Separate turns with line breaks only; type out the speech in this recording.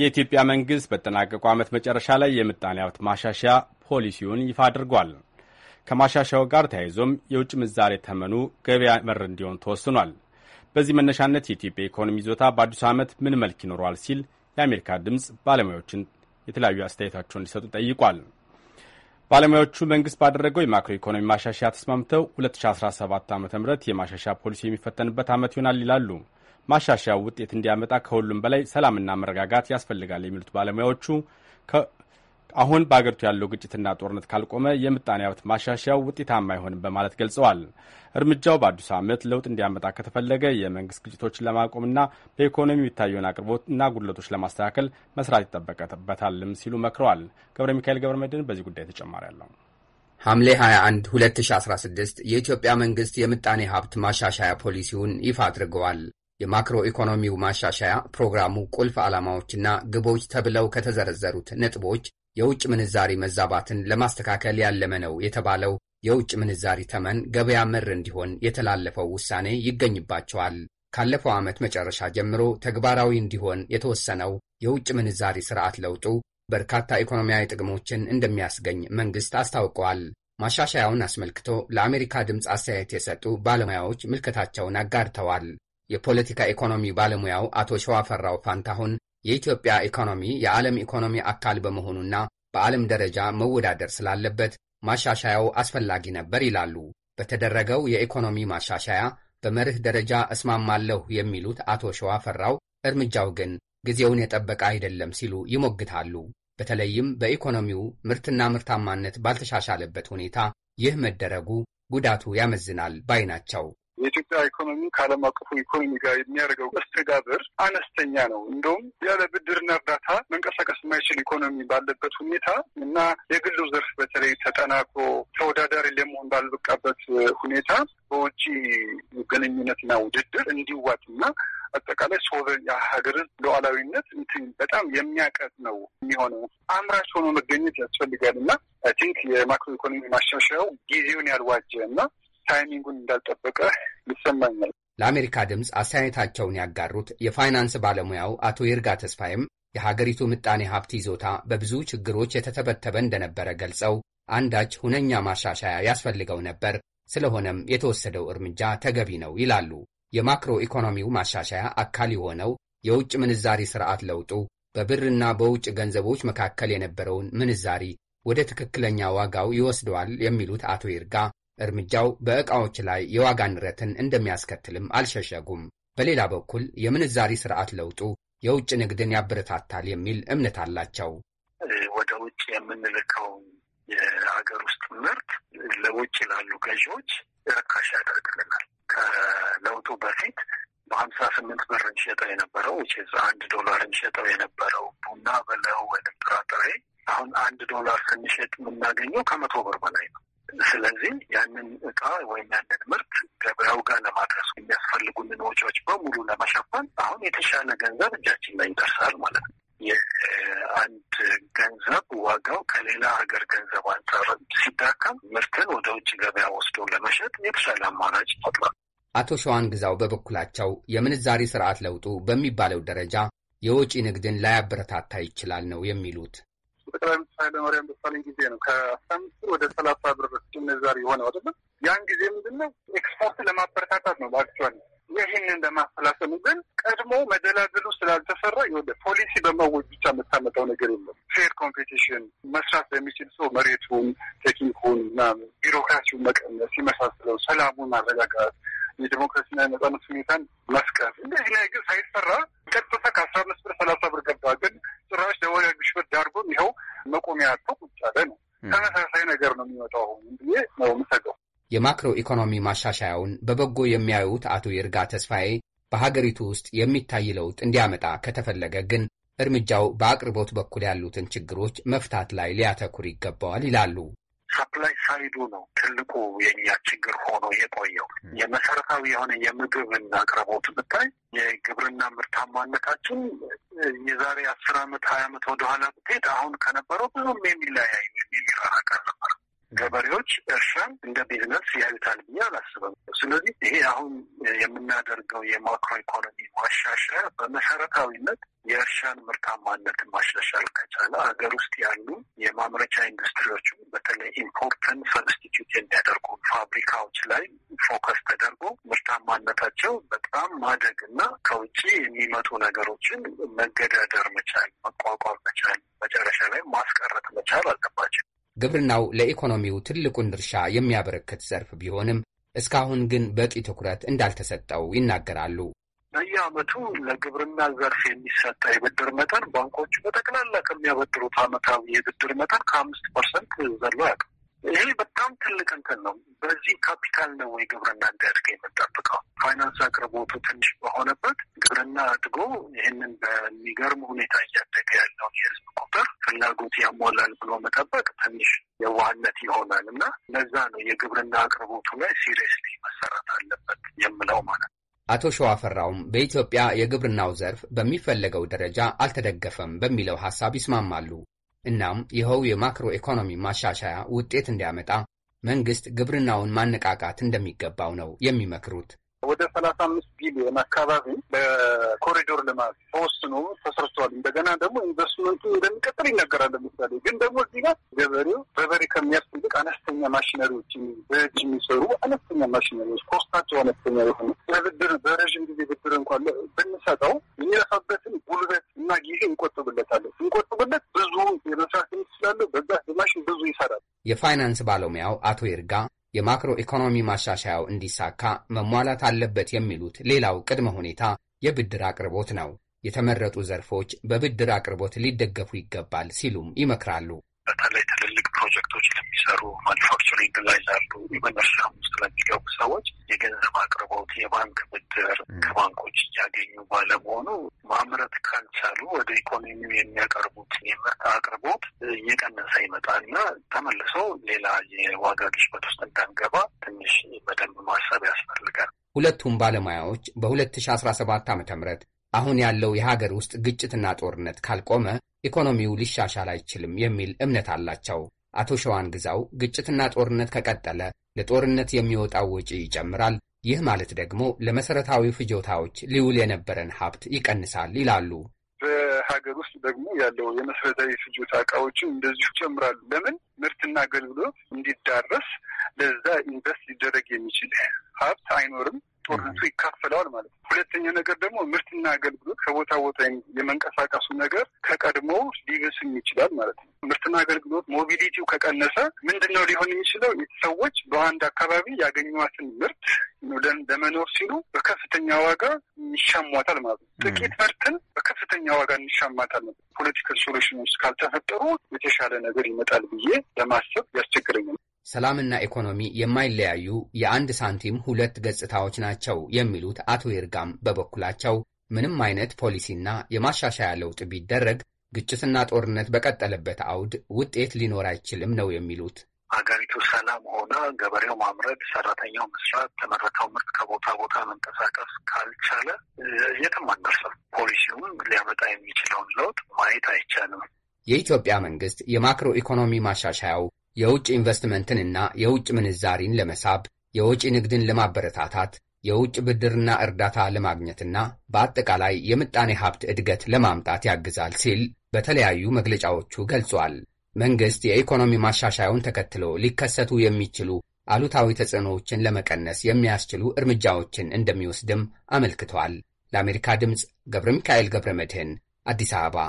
የኢትዮጵያ መንግስት በጠናቀቁ ዓመት መጨረሻ ላይ የምጣኔ ሀብት ማሻሻያ ፖሊሲውን ይፋ አድርጓል። ከማሻሻያው ጋር ተያይዞም የውጭ ምንዛሬ ተመኑ ገበያ መር እንዲሆን ተወስኗል። በዚህ መነሻነት የኢትዮጵያ ኢኮኖሚ ይዞታ በአዲሱ ዓመት ምን መልክ ይኖረዋል ሲል የአሜሪካ ድምፅ ባለሙያዎችን የተለያዩ አስተያየታቸውን እንዲሰጡ ጠይቋል። ባለሙያዎቹ መንግስት ባደረገው የማክሮ ኢኮኖሚ ማሻሻያ ተስማምተው 2017 ዓ ም የማሻሻያ ፖሊሲ የሚፈተንበት ዓመት ይሆናል ይላሉ። ማሻሻያ ውጤት እንዲያመጣ ከሁሉም በላይ ሰላምና መረጋጋት ያስፈልጋል የሚሉት ባለሙያዎቹ አሁን በአገሪቱ ያለው ግጭትና ጦርነት ካልቆመ የምጣኔ ሀብት ማሻሻያው ውጤታማ አይሆንም በማለት ገልጸዋል። እርምጃው በአዲሱ ዓመት ለውጥ እንዲያመጣ ከተፈለገ የመንግስት ግጭቶችን ለማቆምና በኢኮኖሚ የሚታየውን አቅርቦትና ጉድለቶች ለማስተካከል መስራት ይጠበቅበታልም ሲሉ መክረዋል። ገብረ ሚካኤል ገብረ መድህን በዚህ ጉዳይ ተጨማሪ አለው። ሐምሌ 21 2016 የኢትዮጵያ መንግስት የምጣኔ ሀብት ማሻሻያ ፖሊሲውን ይፋ አድርገዋል። የማክሮ ኢኮኖሚው ማሻሻያ ፕሮግራሙ ቁልፍ ዓላማዎችና ግቦች ተብለው ከተዘረዘሩት ነጥቦች የውጭ ምንዛሪ መዛባትን ለማስተካከል ያለመ ነው የተባለው የውጭ ምንዛሪ ተመን ገበያ መር እንዲሆን የተላለፈው ውሳኔ ይገኝባቸዋል። ካለፈው ዓመት መጨረሻ ጀምሮ ተግባራዊ እንዲሆን የተወሰነው የውጭ ምንዛሪ ስርዓት ለውጡ በርካታ ኢኮኖሚያዊ ጥቅሞችን እንደሚያስገኝ መንግሥት አስታውቀዋል። ማሻሻያውን አስመልክቶ ለአሜሪካ ድምፅ አስተያየት የሰጡ ባለሙያዎች ምልከታቸውን አጋርተዋል። የፖለቲካ ኢኮኖሚ ባለሙያው አቶ ሸዋፈራው ፋንታሁን የኢትዮጵያ ኢኮኖሚ የዓለም ኢኮኖሚ አካል በመሆኑና በዓለም ደረጃ መወዳደር ስላለበት ማሻሻያው አስፈላጊ ነበር ይላሉ። በተደረገው የኢኮኖሚ ማሻሻያ በመርህ ደረጃ እስማማለሁ የሚሉት አቶ ሸዋፈራው እርምጃው ግን ጊዜውን የጠበቀ አይደለም ሲሉ ይሞግታሉ። በተለይም በኢኮኖሚው ምርትና ምርታማነት ባልተሻሻለበት ሁኔታ ይህ መደረጉ ጉዳቱ ያመዝናል ባይ ናቸው።
የኢትዮጵያ ኢኮኖሚ ከዓለም አቀፉ ኢኮኖሚ ጋር የሚያደርገው መስተጋብር አነስተኛ ነው። እንደውም ያለ ብድርና እርዳታ መንቀሳቀስ የማይችል ኢኮኖሚ ባለበት ሁኔታ እና የግሉ ዘርፍ በተለይ ተጠናክሮ ተወዳዳሪ ለመሆን ባልበቃበት ሁኔታ በውጭ ግንኙነትና ውድድር እንዲዋጥና አጠቃላይ ሶቨን የሀገርን ሉዓላዊነት እንትን በጣም የሚያቀጥ ነው የሚሆነው። አምራች ሆኖ መገኘት ያስፈልጋል እና አይ ቲንክ የማክሮ ኢኮኖሚ ማሻሻያው ጊዜውን ያልዋጀ እና ታይሚንጉን እንዳልጠበቀ ይሰማኛል።
ለአሜሪካ ድምፅ አስተያየታቸውን ያጋሩት የፋይናንስ ባለሙያው አቶ ይርጋ ተስፋይም የሀገሪቱ ምጣኔ ሀብት ይዞታ በብዙ ችግሮች የተተበተበ እንደነበረ ገልጸው አንዳች ሁነኛ ማሻሻያ ያስፈልገው ነበር፣ ስለሆነም የተወሰደው እርምጃ ተገቢ ነው ይላሉ። የማክሮ ኢኮኖሚው ማሻሻያ አካል የሆነው የውጭ ምንዛሪ ስርዓት ለውጡ በብርና በውጭ ገንዘቦች መካከል የነበረውን ምንዛሪ ወደ ትክክለኛ ዋጋው ይወስደዋል የሚሉት አቶ ይርጋ እርምጃው በዕቃዎች ላይ የዋጋ ንረትን እንደሚያስከትልም አልሸሸጉም። በሌላ በኩል የምንዛሪ ስርዓት ለውጡ የውጭ ንግድን ያበረታታል የሚል እምነት አላቸው።
ወደ ውጭ የምንልከው የሀገር ውስጥ ምርት ለውጭ ላሉ ገዢዎች ርካሽ ያደርግልናል። ከለውጡ በፊት በሀምሳ ስምንት ብር እንሸጠው የነበረው ዛ አንድ ዶላር እንሸጠው የነበረው ቡና በለው ወይም ጥራጥሬ አሁን አንድ ዶላር ስንሸጥ የምናገኘው ከመቶ ብር በላይ ስለዚህ ያንን እቃ ወይም ያንን ምርት ገበያው ጋር ለማድረሱ የሚያስፈልጉንን ወጪዎች በሙሉ ለመሸፈን አሁን የተሻለ ገንዘብ እጃችን ላይ ይደርሳል ማለት ነው። የአንድ ገንዘብ ዋጋው ከሌላ ሀገር ገንዘብ አንጻር ሲዳከም ምርትን ወደ ውጭ ገበያ ወስዶ ለመሸጥ የተሻለ አማራጭ ይፈጥራል።
አቶ ሸዋን ግዛው በበኩላቸው የምንዛሪ ስርዓት ለውጡ በሚባለው ደረጃ የውጪ ንግድን ላያበረታታ ይችላል ነው የሚሉት።
ጠቅላይ ሚኒስትር ኃይለማርያም ደሳለኝ ጊዜ ነው ከአስራ አምስት ወደ ሰላሳ ብር ምንዛሪ የሆነ አደለ። ያን ጊዜ ምንድን ነው ኤክስፖርት ለማበረታታት ነው በአክቹዋሊ ይህንን ለማሰላሰሉ ግን ቀድሞ መደላድሉ ስላልተሰራ የሆነ ፖሊሲ በማወጅ ብቻ የምታመጣው ነገር የለም። ፌር ኮምፒቲሽን መስራት ለሚችል ሰው መሬቱን፣ ቴክኒኩን እና ቢሮክራሲውን መቀነስ የመሳሰለው ሰላሙን ማረጋጋት የዲሞክራሲና የነጻነት ሁኔታን መስቀት እንደዚህ ላይ ግን ሳይሰራ ቀጥታ
የማክሮ ኢኮኖሚ ማሻሻያውን በበጎ የሚያዩት አቶ ይርጋ ተስፋዬ በሀገሪቱ ውስጥ የሚታይ ለውጥ እንዲያመጣ ከተፈለገ ግን እርምጃው በአቅርቦት በኩል ያሉትን ችግሮች መፍታት ላይ ሊያተኩር ይገባዋል ይላሉ።
ሳፕላይ ሳይዱ ነው ትልቁ የእኛ ችግር ሆኖ የቆየው። የመሰረታዊ የሆነ የምግብን አቅርቦት ብታይ የግብርና ምርታማነታችን የዛሬ አስር አመት ሀያ አመት ወደኋላ ብትሄድ አሁን ከነበረው ብዙም የሚለያይ የሚራራቀር ነው። ገበሬዎች እርሻን እንደ ቢዝነስ ያዩታል ብዬ አላስበም ስለዚህ ይሄ አሁን የምናደርገው የማክሮ ኢኮኖሚ ማሻሻያ በመሰረታዊነት የእርሻን ምርታማነት ማሻሻል ከቻለ ሀገር ውስጥ ያሉ የማምረቻ ኢንዱስትሪዎች በተለይ ኢምፖርትን ሰብስቲቱት የሚያደርጉ ፋብሪካዎች ላይ ፎከስ ተደርጎ ምርታማነታቸው በጣም ማደግ እና ከውጭ የሚመጡ ነገሮችን መገዳደር መቻል፣ መቋቋም መቻል፣ መጨረሻ ላይ
ማስቀረት መቻል አለባቸው። ግብርናው ለኢኮኖሚው ትልቁን ድርሻ የሚያበረክት ዘርፍ ቢሆንም እስካሁን ግን በቂ ትኩረት እንዳልተሰጠው ይናገራሉ። በየዓመቱ ለግብርና ዘርፍ የሚሰጠ የብድር መጠን ባንኮቹ
በጠቅላላ ከሚያበድሩት ዓመታዊ የብድር መጠን ከአምስት ፐርሰንት ዘሎ ያውቃል። ይሄ በጣም ትልቅ እንትን ነው። በዚህ ካፒታል ነው ወይ ግብርና እንዲያድግ የምንጠብቀው? ፋይናንስ አቅርቦቱ ትንሽ በሆነበት ግብርና አድጎ ይህንን በሚገርም ሁኔታ እያደገ ያለውን የህዝብ ቁጥር ፍላጎት ያሟላል ብሎ መጠበቅ ትንሽ የዋህነት ይሆናል እና ለዛ ነው የግብርና አቅርቦቱ ላይ ሲሪየስሊ መሰራት አለበት የምለው ማለት ነው።
አቶ ሸዋፈራውም በኢትዮጵያ የግብርናው ዘርፍ በሚፈለገው ደረጃ አልተደገፈም በሚለው ሀሳብ ይስማማሉ። እናም ይኸው የማክሮ ኢኮኖሚ ማሻሻያ ውጤት እንዲያመጣ መንግስት ግብርናውን ማነቃቃት እንደሚገባው ነው የሚመክሩት።
ወደ ሰላሳ አምስት ቢሊዮን አካባቢ በኮሪዶር ልማት ተወስኖ ተሰርቷል። እንደገና ደግሞ ኢንቨስትመንቱ እንደሚቀጥል ይነገራል። ለምሳሌ ግን ደግሞ እዚህ ጋር ገበሬው በበሬ ከሚያርስ ይልቅ አነስተኛ ማሽነሪዎች በእጅ የሚሰሩ አነስተኛ ማሽነሪዎች ኮስታቸው አነስተኛ የሆኑ ለብድር በረዥም ጊዜ ብድር እንኳን ብንሰጠው የሚለፋበትን ጉልበት እና ጊዜ ይቆጥብለት
የፋይናንስ ባለሙያው አቶ ይርጋ የማክሮ ኢኮኖሚ ማሻሻያው እንዲሳካ መሟላት አለበት የሚሉት ሌላው ቅድመ ሁኔታ የብድር አቅርቦት ነው። የተመረጡ ዘርፎች በብድር አቅርቦት ሊደገፉ ይገባል ሲሉም ይመክራሉ። በተለይ
የሚሰሩ ማኒፋክቸሪንግ ላይ ላሉ የመነሻ ውስጥ ለሚገቡ ሰዎች የገንዘብ አቅርቦት፣ የባንክ ብድር ከባንኮች እያገኙ ባለመሆኑ ማምረት ካልቻሉ ወደ ኢኮኖሚው የሚያቀርቡት የምርት አቅርቦት እየቀነሰ ይመጣና ተመልሶ ሌላ የዋጋ ግሽበት ውስጥ እንዳንገባ ትንሽ በደንብ ማሰብ ያስፈልጋል።
ሁለቱም ባለሙያዎች በ2017 ዓ ም አሁን ያለው የሀገር ውስጥ ግጭትና ጦርነት ካልቆመ ኢኮኖሚው ሊሻሻል አይችልም የሚል እምነት አላቸው። አቶ ሸዋን ግዛው ግጭትና ጦርነት ከቀጠለ ለጦርነት የሚወጣው ወጪ ይጨምራል፣ ይህ ማለት ደግሞ ለመሰረታዊ ፍጆታዎች ሊውል የነበረን ሀብት ይቀንሳል ይላሉ።
በሀገር ውስጥ ደግሞ ያለው የመሰረታዊ ፍጆታ እቃዎችን እንደዚሁ ይጨምራሉ። ለምን ምርትና አገልግሎት እንዲዳረስ ለዛ ኢንቨስት ሊደረግ የሚችል ሀብት አይኖርም። ጦርነቱ ይካፈለዋል ማለት ነው። ሁለተኛ ነገር ደግሞ ምርትና አገልግሎት ከቦታ ቦታ የመንቀሳቀሱ ነገር ከቀድሞ ሊብስም ይችላል ማለት ነው። ምርትና አገልግሎት ሞቢሊቲው ከቀነሰ ምንድን ነው ሊሆን የሚችለው? ሰዎች በአንድ አካባቢ ያገኟትን ምርት ለመኖር ሲሉ በከፍተኛ ዋጋ ይሻሟታል ማለት ነው። ጥቂት ምርትን በከፍተኛ ዋጋ እንሻማታል ነው። ፖለቲካል ሶሉሽን ካልተፈጠሩ የተሻለ ነገር ይመጣል ብዬ ለማሰብ ያስቸግረኛል።
ሰላምና ኢኮኖሚ የማይለያዩ የአንድ ሳንቲም ሁለት ገጽታዎች ናቸው የሚሉት አቶ ይርጋም በበኩላቸው ምንም አይነት ፖሊሲና የማሻሻያ ለውጥ ቢደረግ ግጭትና ጦርነት በቀጠለበት አውድ ውጤት ሊኖር አይችልም ነው የሚሉት።
ሀገሪቱ ሰላም ሆነ ገበሬው ማምረት፣ ሰራተኛው መስራት፣ ተመረተው ምርት ከቦታ ቦታ መንቀሳቀስ ካልቻለ የትም አንደርስም። ፖሊሲውም ሊያመጣ የሚችለውን ለውጥ
ማየት አይቻልም። የኢትዮጵያ መንግስት የማክሮ ኢኮኖሚ ማሻሻያው የውጭ ኢንቨስትመንትንና የውጭ ምንዛሪን ለመሳብ፣ የውጭ ንግድን ለማበረታታት፣ የውጭ ብድርና እርዳታ ለማግኘትና በአጠቃላይ የምጣኔ ሀብት ዕድገት ለማምጣት ያግዛል ሲል በተለያዩ መግለጫዎቹ ገልጿል። መንግሥት የኢኮኖሚ ማሻሻያውን ተከትሎ ሊከሰቱ የሚችሉ አሉታዊ ተጽዕኖዎችን ለመቀነስ የሚያስችሉ እርምጃዎችን እንደሚወስድም አመልክቷል። ለአሜሪካ ድምፅ ገብረ ሚካኤል ገብረ መድህን አዲስ አበባ